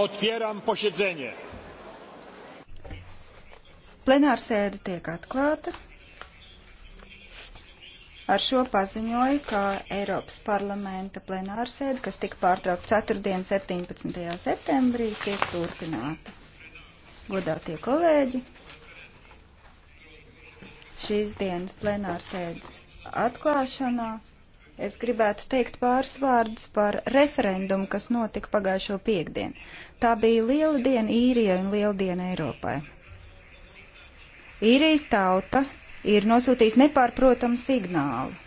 Otvieram posiedzenie. Plenārsēde tiek atklāta. Ar šo paziņoju, ka Eiropas parlamenta plenārsēde, kas tika pārtraukta 4. 17. septembrī, tiek turpināta. Godātie kolēģi, šīs dienas plenārsēdes atklāšanā Es gribētu teikt pāris vārdus par referendumu, kas notika pagājušo piekdienu. Tā bija liela diena īrijai un liela diena Eiropai. Īrijas tauta ir nosūtījusi nepārprotamu signālu